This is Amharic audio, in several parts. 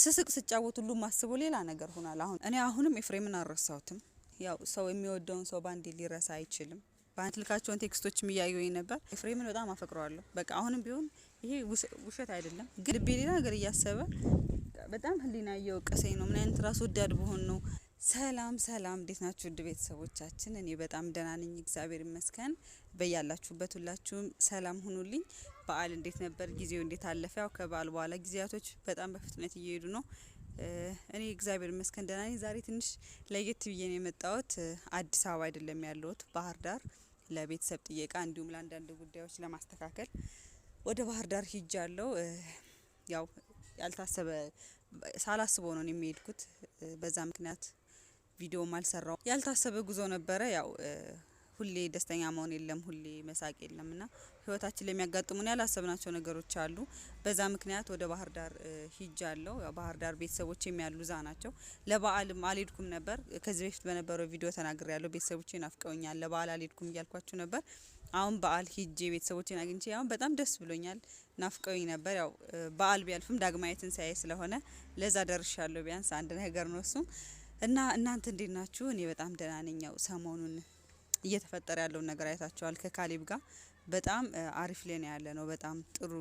ስስቅ ስጫወት ሁሉ ማስቦ ሌላ ነገር ሆናል። አሁን እኔ አሁንም ኤፍሬምን አልረሳሁትም። ያው ሰው የሚወደውን ሰው ባንዴ ሊረሳ አይችልም። በአንድ ልካቸውን ቴክስቶችም እያየሁኝ ነበር። ኤፍሬምን በጣም አፈቅረዋለሁ። በቃ አሁንም ቢሆን ይሄ ውሸት አይደለም፣ ግን ልቤ ሌላ ነገር እያሰበ በጣም ህሊና እየወቀሰኝ ነው። ምን አይነት ራስ ወዳድ በሆን ነው ሰላም ሰላም፣ እንዴት ናችሁ ውድ ቤተሰቦቻችን? እኔ በጣም ደህና ነኝ፣ እግዚአብሔር ይመስገን። በያላችሁበት ሁላችሁም ሰላም ሁኑልኝ። በዓል እንዴት ነበር? ጊዜው እንዴት አለፈ? ያው ከበዓል በኋላ ጊዜያቶች በጣም በፍጥነት እየሄዱ ነው። እኔ እግዚአብሔር ይመስገን ደህና ነኝ። ዛሬ ትንሽ ለየት ብዬ ነው የመጣሁት። አዲስ አበባ አይደለም ያለሁት፣ ባህር ዳር ለቤተሰብ ጥየቃ እንዲሁም ለአንዳንድ ጉዳዮች ለማስተካከል ወደ ባህር ዳር ሂጅ አለው ያው ያልታሰበ ሳላስበው ነው የሚሄድኩት በዛ ምክንያት ቪዲዮም አልሰራው። ያልታሰበ ጉዞ ነበረ። ያው ሁሌ ደስተኛ መሆን የለም፣ ሁሌ መሳቅ የለም ና ህይወታችን ለሚያጋጥሙን ያላሰብናቸው ነገሮች አሉ። በዛ ምክንያት ወደ ባህር ዳር ሂጅ አለው። ባህር ዳር ቤተሰቦች የሚያሉ ዛ ናቸው። ለበዓልም አልሄድኩም ነበር። ከዚህ በፊት በነበረው ቪዲዮ ተናግሬ ያለው ቤተሰቦች ናፍቀውኛል፣ ለበዓል አልሄድኩም እያልኳችሁ ነበር። አሁን በዓል ሂጄ ቤተሰቦቼን አግኝቼ አሁን በጣም ደስ ብሎኛል። ናፍቀውኝ ነበር። ያው በዓል ቢያልፍም ዳግማዊ ትንሳኤ ስለሆነ ለዛ ደርሻለሁ። ቢያንስ አንድ ነገር ነው እሱም እና እናንተ እንዴት ናችሁ? እኔ በጣም ደህና ነኝ። ያው ሰሞኑን እየተፈጠረ ያለውን ነገር አይታችኋል። ከካሊብ ጋር በጣም አሪፍ ላይ ነው ያለ ነው። በጣም ጥሩ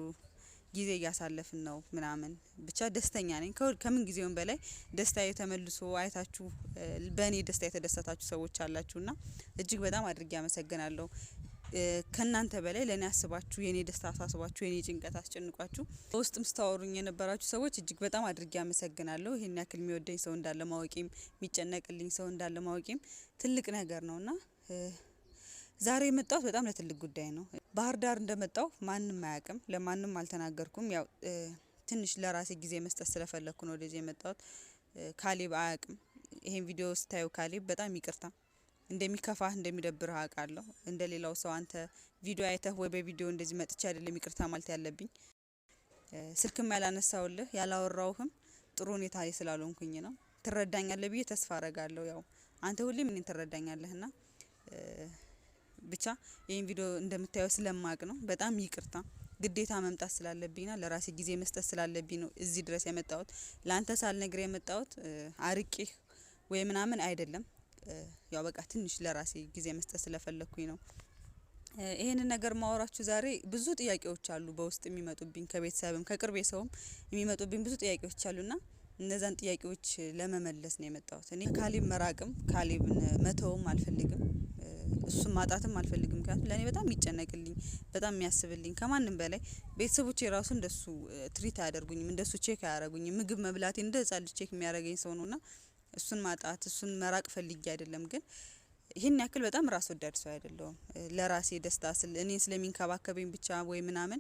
ጊዜ እያሳለፍን ነው ምናምን ብቻ ደስተኛ ነኝ። ከምን ጊዜውም በላይ ደስታ የተመልሶ አይታችሁ በእኔ ደስታ የተደሰታችሁ ሰዎች አላችሁና እጅግ በጣም አድርጌ አመሰግናለሁ። ከእናንተ በላይ ለእኔ አስባችሁ የእኔ ደስታ አሳስባችሁ የእኔ ጭንቀት አስጨንቋችሁ በውስጥም ስታወሩኝ የነበራችሁ ሰዎች እጅግ በጣም አድርጌ አመሰግናለሁ። ይህን ያክል የሚወደኝ ሰው እንዳለ ማወቂም የሚጨነቅልኝ ሰው እንዳለ ማወቂም ትልቅ ነገር ነው እና ዛሬ የመጣሁት በጣም ለትልቅ ጉዳይ ነው። ባህር ዳር እንደመጣሁ ማንም አያውቅም፣ ለማንም አልተናገርኩም። ያው ትንሽ ለራሴ ጊዜ መስጠት ስለፈለግኩ ነው ወደዚህ የመጣሁት። ካሌብ አያውቅም። ይሄን ቪዲዮ ስታዩ ካሌብ በጣም ይቅርታ እንደሚከፋህ እንደሚደብርህ አውቃለሁ። እንደ ሌላው ሰው አንተ ቪዲዮ አይተህ ወይ በቪዲዮ እንደዚህ መጥቼ አይደለም ይቅርታ ማለት ያለብኝ። ስልክም ያላነሳውልህ ያላወራውህም ጥሩ ሁኔታ ላይ ስላልሆንኩኝ ነው። ትረዳኛለህ ብዬ ተስፋ አረጋለሁ። ያው አንተ ሁሌም እኔን ትረዳኛለህ ና ብቻ ይህን ቪዲዮ እንደምታየው ስለማቅ ነው። በጣም ይቅርታ ግዴታ መምጣት ስላለብኝና ለራሴ ጊዜ መስጠት ስላለብኝ ነው እዚህ ድረስ የመጣሁት። ለአንተ ሳልነግር የመጣሁት አርቄ ወይ ምናምን አይደለም። ያው በቃ ትንሽ ለራሴ ጊዜ መስጠት ስለፈለግኩኝ ነው ይህንን ነገር ማወራችሁ ዛሬ ብዙ ጥያቄዎች አሉ በውስጥ የሚመጡብኝ ከቤተሰብም ከቅርቤ ሰውም የሚመጡብኝ ብዙ ጥያቄዎች አሉና እነዛን ጥያቄዎች ለመመለስ ነው የመጣሁት። እኔ ካሌብ መራቅም ካሌብን መተውም አልፈልግም፣ እሱም ማጣትም አልፈልግም። ምክንያቱም ለእኔ በጣም የሚጨነቅልኝ በጣም የሚያስብልኝ ከማንም በላይ ቤተሰቦቼ የራሱ እንደሱ ትሪት አያደርጉኝም፣ እንደሱ ቼክ አያደረጉኝም ምግብ መብላቴ እንደ ህጻን ቼክ የሚያደርገኝ ሰው ና እሱን ማጣት እሱን መራቅ ፈልጌ አይደለም ግን ይህን ያክል በጣም ራስ ወዳድ ሰው አይደለሁም። ለራሴ ደስታ ስል እኔን ስለሚንከባከበኝ ብቻ ወይ ምናምን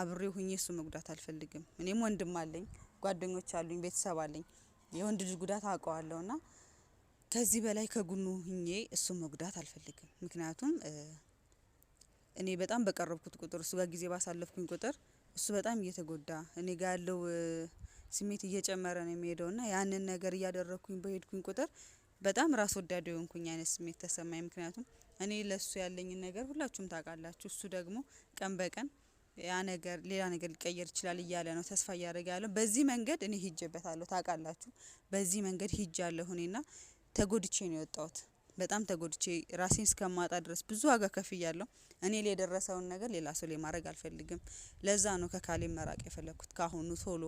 አብሬ ሁኜ እሱ መጉዳት አልፈልግም። እኔም ወንድም አለኝ፣ ጓደኞች አሉኝ፣ ቤተሰብ አለኝ። የወንድ ልጅ ጉዳት አውቀዋለሁ ና ከዚህ በላይ ከጉኑ ሁኜ እሱ መጉዳት አልፈልግም። ምክንያቱም እኔ በጣም በቀረብኩት ቁጥር እሱ ጋር ጊዜ ባሳለፍኩኝ ቁጥር እሱ በጣም እየተጎዳ እኔ ጋር ያለው ስሜት እየጨመረ ነው የሚሄደው ና ያንን ነገር እያደረግኩኝ በሄድኩኝ ቁጥር በጣም ራስ ወዳድ የሆንኩኝ አይነት ስሜት ተሰማኝ። ምክንያቱም እኔ ለሱ ያለኝን ነገር ሁላችሁም ታውቃላችሁ። እሱ ደግሞ ቀን በቀን ያ ነገር ሌላ ነገር ሊቀየር ይችላል እያለ ነው ተስፋ እያደረገ ያለው። በዚህ መንገድ እኔ ሂጄበታለሁ፣ ታውቃላችሁ። በዚህ መንገድ ሂጃለሁ እኔና ተጎድቼ ነው የወጣሁት። በጣም ተጎድቼ ራሴን እስከማጣ ድረስ ብዙ ዋጋ ከፍያለሁ። እኔ ላይ የደረሰውን ነገር ሌላ ሰው ላይ ማድረግ አልፈልግም። ለዛ ነው ከካሌ መራቅ የፈለግኩት ካሁኑ ቶሎ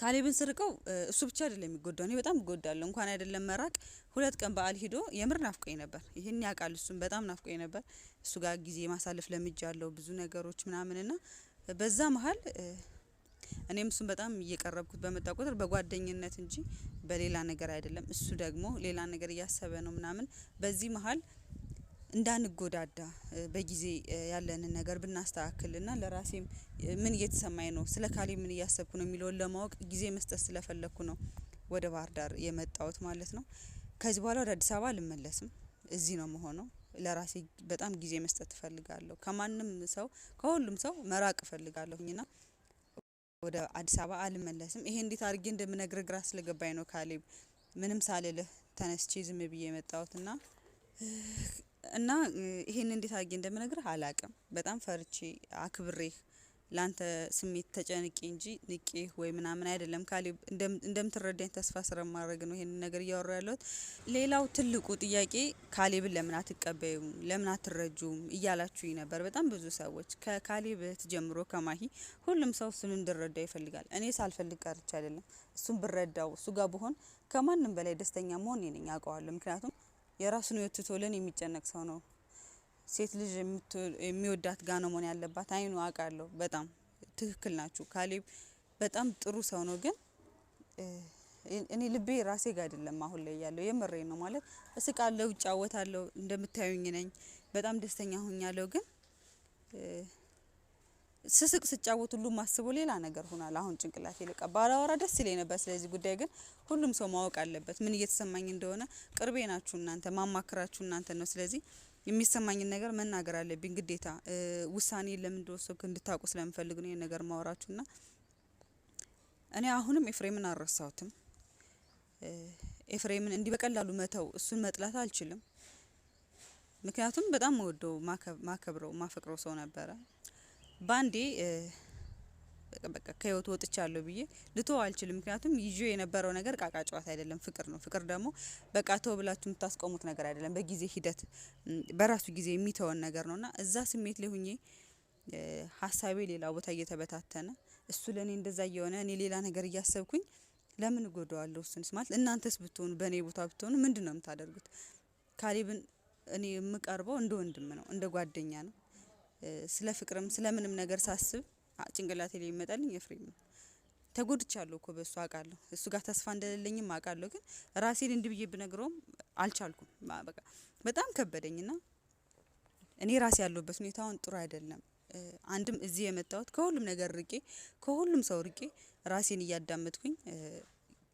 ካሌብን ስርቀው እሱ ብቻ አይደለም የሚጎዳው፣ እኔ በጣም እጎዳለሁ። እንኳን አይደለም መራቅ፣ ሁለት ቀን በዓል ሂዶ የምር ናፍቆኝ ነበር። ይህን ያውቃል እሱም በጣም ናፍቆኝ ነበር። እሱ ጋር ጊዜ ማሳለፍ ለምጃ ብዙ ነገሮች ና በዛ መሀል እኔም እሱን በጣም እየቀረብኩት በመጣ ቁጥር በጓደኝነት እንጂ በሌላ ነገር አይደለም። እሱ ደግሞ ሌላ ነገር እያሰበ ነው ምናምን በዚህ መሀል እንዳንጎዳዳ በጊዜ ያለንን ነገር ብናስተካክል እና ለራሴም ምን እየተሰማኝ ነው ስለ ካሌ ምን እያሰብኩ ነው የሚለውን ለማወቅ ጊዜ መስጠት ስለፈለግኩ ነው ወደ ባህር ዳር የመጣሁት ማለት ነው። ከዚህ በኋላ ወደ አዲስ አበባ አልመለስም። እዚህ ነው መሆነው። ለራሴ በጣም ጊዜ መስጠት እፈልጋለሁ። ከማንም ሰው ከሁሉም ሰው መራቅ እፈልጋለሁኝና ወደ አዲስ አበባ አልመለስም። ይሄ እንዴት አድርጌ እንደምነግርህ ግራ ስለገባኝ ነው ካሌብ፣ ምንም ሳልልህ ተነስቼ ዝም ብዬ የመጣውትና። እና ይሄን እንዴት አድርጌ እንደምነግርህ አላቅም። በጣም ፈርቼ አክብሬህ ለአንተ ስሜት ተጨንቄ እንጂ ንቄህ ወይ ምናምን አይደለም። ካሌ እንደምትረዳኝ ተስፋ ስለማድረግ ነው ይሄን ነገር እያወራ ያለሁት። ሌላው ትልቁ ጥያቄ ካሌብን ለምን አትቀበዩም፣ ለምን አትረጁም እያላችሁኝ ነበር በጣም ብዙ ሰዎች። ከካሌብ እህት ጀምሮ ከማሂ ሁሉም ሰው እሱን እንድረዳው ይፈልጋል። እኔ ሳልፈልግ ቀርቼ አይደለም። እሱን ብረዳው እሱ ጋር ብሆን ከማንም በላይ ደስተኛ መሆን ነኝ አውቀዋለሁ። ምክንያቱም የራሱን ሕይወት የሚጨነቅ ሰው ነው። ሴት ልጅ የሚወዳት ጋ ነው መሆን ያለባት። አይኑ አውቃለሁ። በጣም ትክክል ናችሁ። ካሌብ በጣም ጥሩ ሰው ነው፣ ግን እኔ ልቤ ራሴ ጋር አይደለም አሁን ላይ ያለው። የምሬ ነው ማለት እስቃለሁ፣ እጫወታለሁ፣ እንደምታዩኝ ነኝ። በጣም ደስተኛ ሆኛለሁ ግን ስስቅ ስጫወት ሁሉ ማስቦ ሌላ ነገር ሆናል። አሁን ጭንቅላት ይልቃ ባላወራ ደስ ይለኝ ነበር። ስለዚህ ጉዳይ ግን ሁሉም ሰው ማወቅ አለበት፣ ምን እየተሰማኝ እንደሆነ። ቅርቤ ናችሁ እናንተ፣ ማማክራችሁ እናንተ ነው። ስለዚህ የሚሰማኝን ነገር መናገር አለብኝ ግዴታ። ውሳኔ ለምን እንድታውቁ ስለምፈልግ ነው ይህን ነገር ማወራችሁና እኔ አሁንም ኤፍሬምን አልረሳሁትም። ኤፍሬምን እንዲህ በቀላሉ መተው እሱን መጥላት አልችልም። ምክንያቱም በጣም መወደው ማከብረው ማፈቅረው ሰው ነበረ። ባንዴ በቃ ከህይወቱ ወጥቻለሁ ብዬ ልቶ አልችልም። ምክንያቱም ይዤ የነበረው ነገር ቃቃ ጨዋታ አይደለም፣ ፍቅር ነው። ፍቅር ደግሞ በቃ ተው ብላችሁ የምታስቆሙት ነገር አይደለም። በጊዜ ሂደት በራሱ ጊዜ የሚተወን ነገር ነውና እዛ ስሜት ላይ ሁኜ ሀሳቤ ሌላ ቦታ እየተበታተነ እሱ ለእኔ እንደዛ እየሆነ እኔ ሌላ ነገር እያሰብኩኝ ለምን እጎዳዋለሁ? እሱንስ ማለት እናንተስ ብትሆኑ በእኔ ቦታ ብትሆኑ ምንድን ነው የምታደርጉት? ካሌብን እኔ የምቀርበው እንደ ወንድም ነው፣ እንደ ጓደኛ ነው። ስለ ፍቅርም ስለምንም ነገር ሳስብ ጭንቅላቴ ላይ ይመጣልኝ ኤፍሬም ነው። ተጎድቻለሁ እኮ በእሱ አውቃለሁ። እሱ ጋር ተስፋ እንደሌለኝም አውቃለሁ። ግን ራሴን እንዲህ ብዬ ብነግረውም አልቻልኩም። በቃ በጣም ከበደኝና እኔ ራሴ ያለሁበት ሁኔታውን ጥሩ አይደለም። አንድም እዚህ የመጣሁት ከሁሉም ነገር ርቄ ከሁሉም ሰው ርቄ ራሴን እያዳመጥኩኝ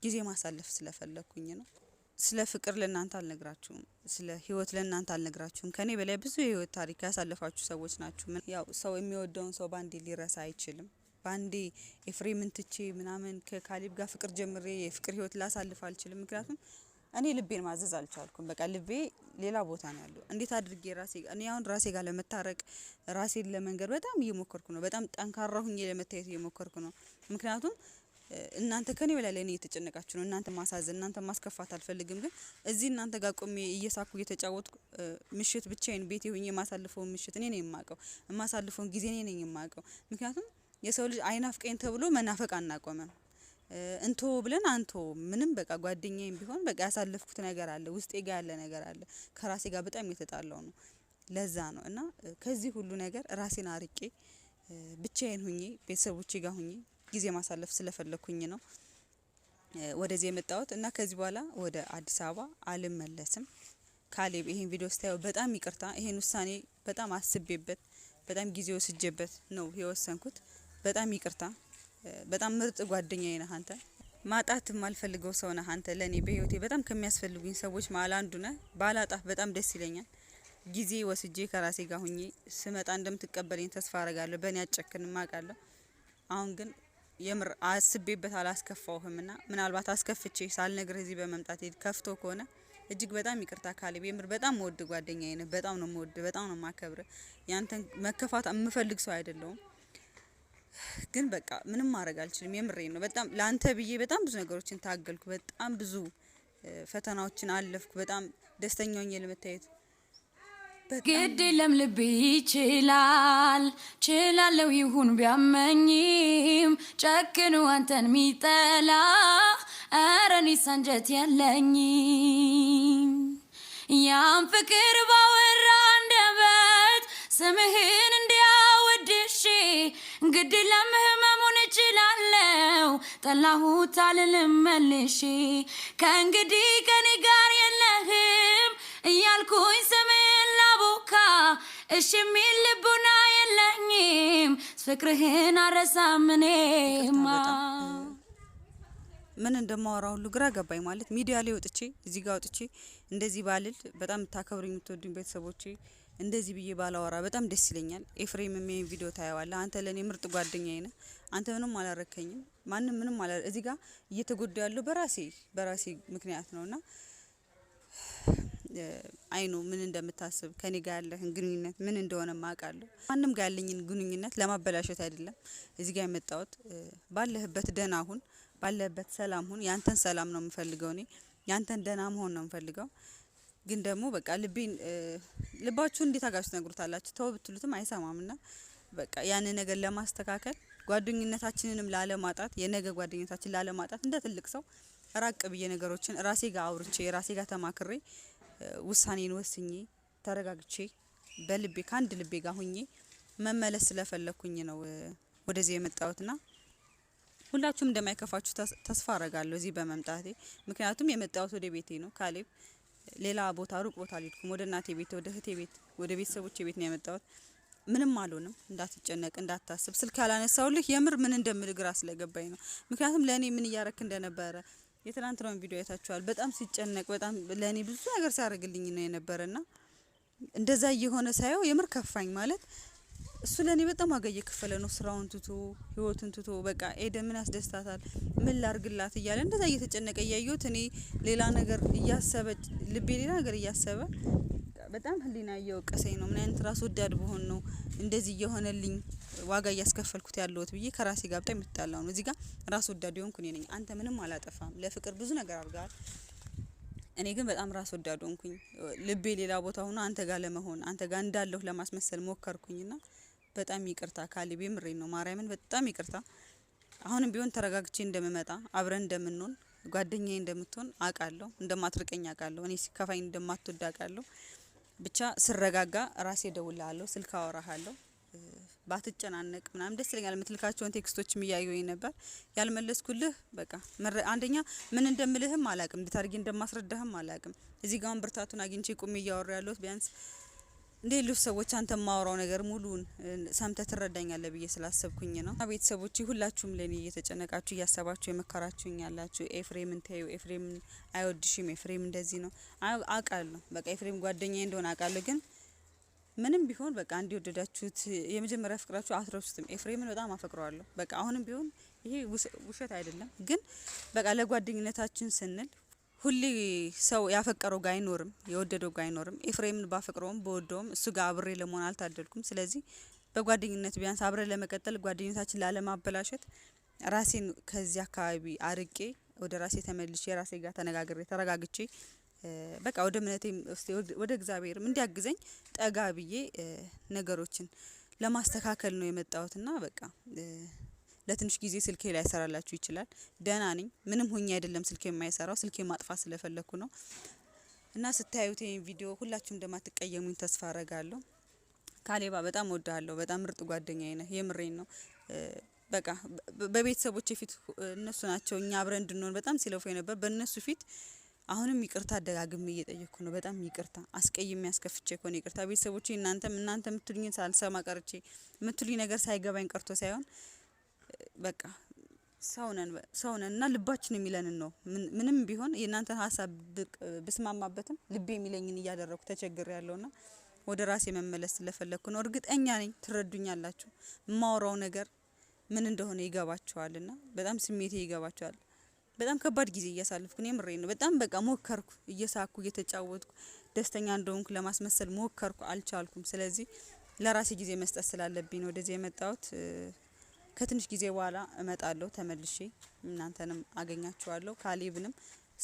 ጊዜ ማሳለፍ ስለፈለግኩኝ ነው። ስለ ፍቅር ለእናንተ አልነግራችሁም፣ ስለ ህይወት ለእናንተ አልነግራችሁም። ከኔ በላይ ብዙ የህይወት ታሪክ ያሳለፋችሁ ሰዎች ናችሁ። ያው ሰው የሚወደውን ሰው ባንዴ ሊረሳ አይችልም። ባንዴ ኤፍሬምን ትቼ ምናምን ከካሊብ ጋር ፍቅር ጀምሬ የፍቅር ህይወት ላሳልፍ አልችልም። ምክንያቱም እኔ ልቤን ማዘዝ አልቻልኩም። በቃ ልቤ ሌላ ቦታ ነው ያለው። እንዴት አድርጌ ራሴ እኔ አሁን ራሴ ጋር ለመታረቅ ራሴን ለመንገድ በጣም እየሞከርኩ ነው። በጣም ጠንካራ ሁኜ ለመታየት እየሞከርኩ ነው። ምክንያቱም እናንተ ከኔ በላይ ለእኔ እየተጨነቃችሁ ነው። እናንተ ማሳዘን፣ እናንተ ማስከፋት አልፈልግም። ግን እዚህ እናንተ ጋር ቆሜ እየሳኩ እየተጫወትኩ ምሽት ብቻዬን ቤቴ ሆኜ የማሳልፈውን ምሽት እኔ ነኝ የማውቀው፣ የማሳልፈውን ጊዜ እኔ ነኝ የማውቀው። ምክንያቱም የሰው ልጅ አይናፍቀኝ ተብሎ መናፈቅ አናቆመም። እንቶ ብለን አንቶ ምንም በቃ ጓደኛዬም ቢሆን በቃ ያሳለፍኩት ነገር አለ፣ ውስጤ ጋር ያለ ነገር አለ። ከራሴ ጋር በጣም የተጣላው ነው። ለዛ ነው እና ከዚህ ሁሉ ነገር ራሴን አርቄ ብቻዬን ሁኜ ቤተሰቦቼ ጋር ሁኜ ጊዜ ማሳለፍ ስለፈለኩኝ ነው ወደዚህ የመጣሁት እና ከዚህ በኋላ ወደ አዲስ አበባ አልመለስም። ካሌብ ይሄን ቪዲዮ ስታየው በጣም ይቅርታ። ይሄን ውሳኔ በጣም አስቤበት በጣም ጊዜ ወስጄበት ነው የወሰንኩት። በጣም ይቅርታ። በጣም ምርጥ ጓደኛዬ ነህ አንተ። ማጣት የማልፈልገው ሰው ነህ አንተ። ለእኔ በህይወቴ በጣም ከሚያስፈልጉኝ ሰዎች መሀል አንዱ ነህ። ባላጣህ በጣም ደስ ይለኛል። ጊዜ ወስጄ ከራሴ ጋር ሁኜ ስመጣ እንደምትቀበለኝ ተስፋ አረጋለሁ። በእኔ አጨክንም አውቃለሁ። አሁን ግን የምር አስቤበት አላስከፋውህም ና ምናልባት አስከፍቼ ሳልነግርህ እዚህ በመምጣት ሄድ ከፍቶ ከሆነ እጅግ በጣም ይቅርታ ካሌብ። የምር በጣም መወድ ጓደኛ ነህ። በጣም ነው መወድ፣ በጣም ነው ማከብር። ያንተን መከፋት የምፈልግ ሰው አይደለውም። ግን በቃ ምንም ማድረግ አልችልም። የምሬ ነው። በጣም ለአንተ ብዬ በጣም ብዙ ነገሮችን ታገልኩ። በጣም ብዙ ፈተናዎችን አለፍኩ። በጣም ደስተኛ ሆኜ ለመታየት ግድ የለም ልቤ ይችላል ችላለው ይሁን ቢያመኝም ጨክኑ አንተን ሚጠላ እረኒስ አንጀት የለኝም ያም ፍቅር ባወራ እንደበት ስምህን እንዲያወድሼ ግድ የለም ህመሙን እችላለው ጠላሁት አልልም መልሼ ከእንግዲህ ከኔ ጋር የለህም እያልኩኝ እሺ የሚል ልቡና የለኝም። ፍቅርህን አረሳም እኔማ። ምን እንደማወራ ሁሉ ግራ ገባኝ። ማለት ሚዲያ ላይ ወጥቼ እዚህ ጋር ወጥቼ እንደዚህ ባልል በጣም የምታከብሩኝ የምትወዱኝ ቤተሰቦቼ እንደዚህ ብዬ ባላወራ በጣም ደስ ይለኛል። ኤፍሬም የሚሄን ቪዲዮ ታየዋለ። አንተ ለእኔ ምርጥ ጓደኛዬ ነህ። አንተ ምንም አላረከኝም። ማንም ምንም አላ እዚህ ጋር እየተጎዳ ያለው በራሴ በራሴ ምክንያት ነውና አይኑ ምን እንደምታስብ ከኔ ጋር ያለህን ግንኙነት ምን እንደሆነ ማውቃለሁ። ማንም ጋር ያለኝን ግንኙነት ለማበላሸት አይደለም እዚህ ጋር የመጣሁት። ባለህበት ደህና ሁን፣ ባለህበት ሰላም ሁን። ያንተን ሰላም ነው የምፈልገው እኔ ያንተን ደህና መሆን ነው የምፈልገው። ግን ደግሞ በቃ ልቤን ልባችሁን እንዴት አጋችሁ ትነግሩታላችሁ? ተው ብትሉትም አይሰማም ና በቃ ያንን ነገር ለማስተካከል ጓደኝነታችንንም ላለማጣት የነገ ጓደኝነታችን ላለማጣት እንደ ትልቅ ሰው ራቅ ብዬ ነገሮችን ራሴ ጋር አውርቼ ራሴ ጋር ተማክሬ ውሳኔን ወስኜ ተረጋግቼ በልቤ ከአንድ ልቤ ጋር ሁኜ መመለስ ስለፈለግኩኝ ነው ወደዚህ የመጣሁትና ሁላችሁም እንደማይከፋችሁ ተስፋ አረጋለሁ እዚህ በመምጣቴ። ምክንያቱም የመጣሁት ወደ ቤቴ ነው። ካሌብ ሌላ ቦታ ሩቅ ቦታ አልሄድኩም። ወደ እናቴ ቤት፣ ወደ እህቴ ቤት፣ ወደ ቤተሰቦቼ ቤት ነው የመጣሁት። ምንም አልሆንም፣ እንዳትጨነቅ፣ እንዳታስብ። ስልክ ያላነሳውልህ የምር ምን እንደምል ግራ ስለገባኝ ነው። ምክንያቱም ለእኔ ምን እያረክ እንደነበረ የትናንትናውን ቪዲዮ አይታችኋል። በጣም ሲጨነቅ በጣም ለእኔ ብዙ ነገር ሲያደርግልኝ ነው የነበረና እንደዛ እየሆነ ሳየው የምር ከፋኝ። ማለት እሱ ለእኔ በጣም ዋጋ እየከፈለ ነው፣ ስራውን ትቶ ህይወቱን ትቶ በቃ ኤደን ምን ያስደስታታል፣ ምን ላርግላት እያለ እንደዛ እየተጨነቀ እያየሁት እኔ ሌላ ነገር እያሰበ ልቤ ሌላ ነገር እያሰበ በጣም ህሊና እየወቀሰኝ ነው። ምን አይነት ራስ ወዳድ በሆን ነው እንደዚህ እየሆነልኝ ዋጋ እያስከፈልኩት ያለሁት ብዬ ከራሴ ጋር በጣም የምትጣላው ነው። እዚህ ጋር ራስ ወዳድ የሆንኩ እኔ ነኝ። አንተ ምንም አላጠፋም። ለፍቅር ብዙ ነገር አድርገሃል። እኔ ግን በጣም ራስ ወዳድ ሆንኩኝ። ልቤ ሌላ ቦታ ሆኖ አንተ ጋር ለመሆን አንተ ጋር እንዳለሁ ለማስመሰል ሞከርኩኝና በጣም ይቅርታ ካሊቤ፣ ምሬ ነው ማርያምን፣ በጣም ይቅርታ። አሁንም ቢሆን ተረጋግቼ እንደምመጣ አብረን እንደምንሆን ጓደኛዬ እንደምትሆን አውቃለሁ። እንደማትርቀኝ አውቃለሁ። እኔ ሲከፋኝ እንደማትወድ አውቃለሁ። ብቻ ስረጋጋ ራሴ ደውላለሁ፣ ስልክ አወራሃለሁ። ባትጨናነቅ ምናምን ደስ ይለኛል። የምትልካቸውን ቴክስቶችም እያየሁኝ ነበር። ያልመለስኩልህ በቃ አንደኛ ምን እንደምልህም አላቅም፣ እንድታርጊ እንደማስረዳህም አላቅም። እዚህ ጋውን ብርታቱን አግኝቼ ቁሜ እያወራ ያለሁት ቢያንስ ሌሎች ሰዎች አንተ ማውራው ነገር ሙሉን ሰምተ ትረዳኛለ ብዬ ስላሰብኩኝ ነው። ቤተሰቦች ሁላችሁም ለኔ እየተጨነቃችሁ እያሰባችሁ የመከራችሁኝ ያላችሁ ኤፍሬምን ተዩ፣ ኤፍሬም አይወድሽም፣ ኤፍሬም እንደዚህ ነው አውቃለሁ። በቃ ኤፍሬም ጓደኛዬ እንደሆነ አውቃለሁ። ግን ምንም ቢሆን በቃ ወደዳችሁት የመጀመሪያ ፍቅራችሁ አትረሱትም። ኤፍሬምን በጣም አፈቅረዋለሁ። በቃ አሁንም ቢሆን ይሄ ውሸት አይደለም። ግን በቃ ለጓደኝነታችን ስንል ሁሌ ሰው ያፈቀረው ጋ አይኖርም፣ የወደደው ጋ አይኖርም። ኤፍሬምን ባፈቅረውም በወደውም እሱ ጋር አብሬ ለመሆን አልታደልኩም። ስለዚህ በጓደኝነት ቢያንስ አብሬ ለመቀጠል ጓደኝነታችን ላለማበላሸት ራሴን ከዚህ አካባቢ አርቄ ወደ ራሴ ተመልሼ ራሴ ጋር ተነጋግሬ ተረጋግቼ በቃ ወደ እምነቴም ወደ እግዚአብሔርም እንዲያግዘኝ ጠጋ ብዬ ነገሮችን ለማስተካከል ነው የመጣሁትና በቃ ለትንሽ ጊዜ ስልኬ ላይ ያሰራላችሁ ይችላል። ደህና ነኝ። ምንም ሆኜ አይደለም ስልኬ የማይሰራው ስልኬ ማጥፋት ስለፈለኩ ነው። እና ስታዩት ይህን ቪዲዮ ሁላችሁም እንደማትቀየሙኝ ተስፋ አረጋለሁ። ካሌባ በጣም ወዳለሁ። በጣም ምርጥ ጓደኛዬ ነህ። የምሬን ነው። በቃ በቤተሰቦች ፊት እነሱ ናቸው እኛ አብረን እንድንሆን በጣም ሲለፉ ነበር። በእነሱ ፊት አሁንም ይቅርታ አደጋግሜ እየጠየቅኩ ነው። በጣም ይቅርታ አስቀይሜ ያስከፍቼ ከሆነ ይቅርታ ቤተሰቦቼ፣ እናንተም እናንተ የምትሉኝን ሳልሰማ ቀርቼ የምትሉኝ ነገር ሳይገባኝ ቀርቶ ሳይሆን በቃ ሰውነን እና ልባችን የሚለንን ነው። ምንም ቢሆን የእናንተን ሀሳብ ብስማማበትም ልቤ የሚለኝን እያደረኩ ተቸግሬ ያለውና ወደ ራሴ መመለስ ስለፈለግኩ ነው። እርግጠኛ ነኝ ትረዱኛላችሁ። የማወራው ነገር ምን እንደሆነ ይገባችኋልና በጣም ስሜቴ ይገባችኋል። በጣም ከባድ ጊዜ እያሳለፍኩ ነው። የምሬ ነው። በጣም በቃ ሞከርኩ፣ እየሳኩ እየተጫወትኩ ደስተኛ እንደሆንኩ ለማስመሰል ሞከርኩ፣ አልቻልኩም። ስለዚህ ለራሴ ጊዜ መስጠት ስላለብኝ ነው ወደዚህ የመጣሁት። ከትንሽ ጊዜ በኋላ እመጣለሁ ተመልሼ እናንተንም አገኛችኋለሁ። ካሌብንም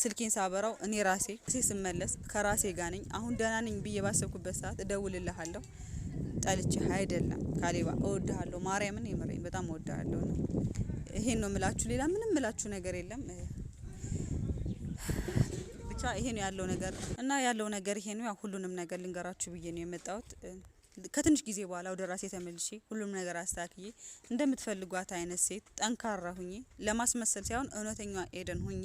ስልኬን ሳበራው እኔ ራሴ ራሴ ስመለስ ከራሴ ጋር ነኝ። አሁን ደህና ነኝ ብዬ ባሰብኩበት ሰዓት እደውልልሃለሁ። ጠልቼ አይደለም ካሌባ፣ እወድሃለሁ። ማርያምን የምሬን በጣም እወድሃለሁ ይሄን ነው ምላችሁ፣ ሌላ ምንም ምላችሁ ነገር የለም። ብቻ ይሄ ነው ያለው ነገር እና ያለው ነገር ይሄ ነው። ሁሉንም ነገር ልንገራችሁ ብዬ ነው የመጣሁት። ከትንሽ ጊዜ በኋላ ወደ ራሴ ተመልሼ ሁሉም ነገር አስተካክዬ እንደምትፈልጓት አይነት ሴት ጠንካራ ሁኜ ለማስመሰል ሳይሆን እውነተኛ ኤደን ሁኜ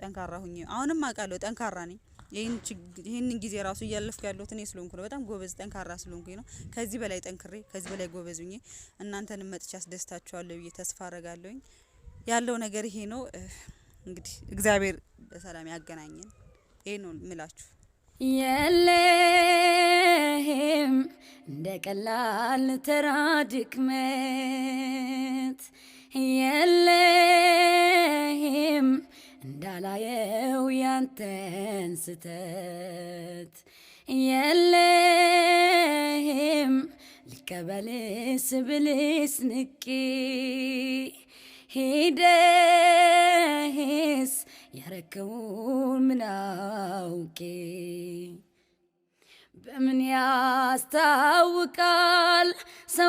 ጠንካራ ሁኜ አሁንም አውቃለሁ ጠንካራ ነኝ። ይህንን ጊዜ ራሱ እያለፍኩ ያለሁት እኔ ስለሆንኩ ነው። በጣም ጎበዝ ጠንካራ ስለሆንኩኝ ነው። ከዚህ በላይ ጠንክሬ ከዚህ በላይ ጎበዝ ሁኜ እናንተን መጥቼ አስደስታችኋለሁ ብዬ ተስፋ አረጋለሁኝ። ያለው ነገር ይሄ ነው። እንግዲህ እግዚአብሔር በሰላም ያገናኘን። ይሄ ነው ምላችሁ የለ አልታየህም እንደ ቀላል ተራ ድክመት የለህም እንዳላየው ያንተን ስተት የለህም ልቀበልስ ብልስ ንቂ ሂደህስ ያረከውን ምናውቄ ምን ያስታውቃል ሰው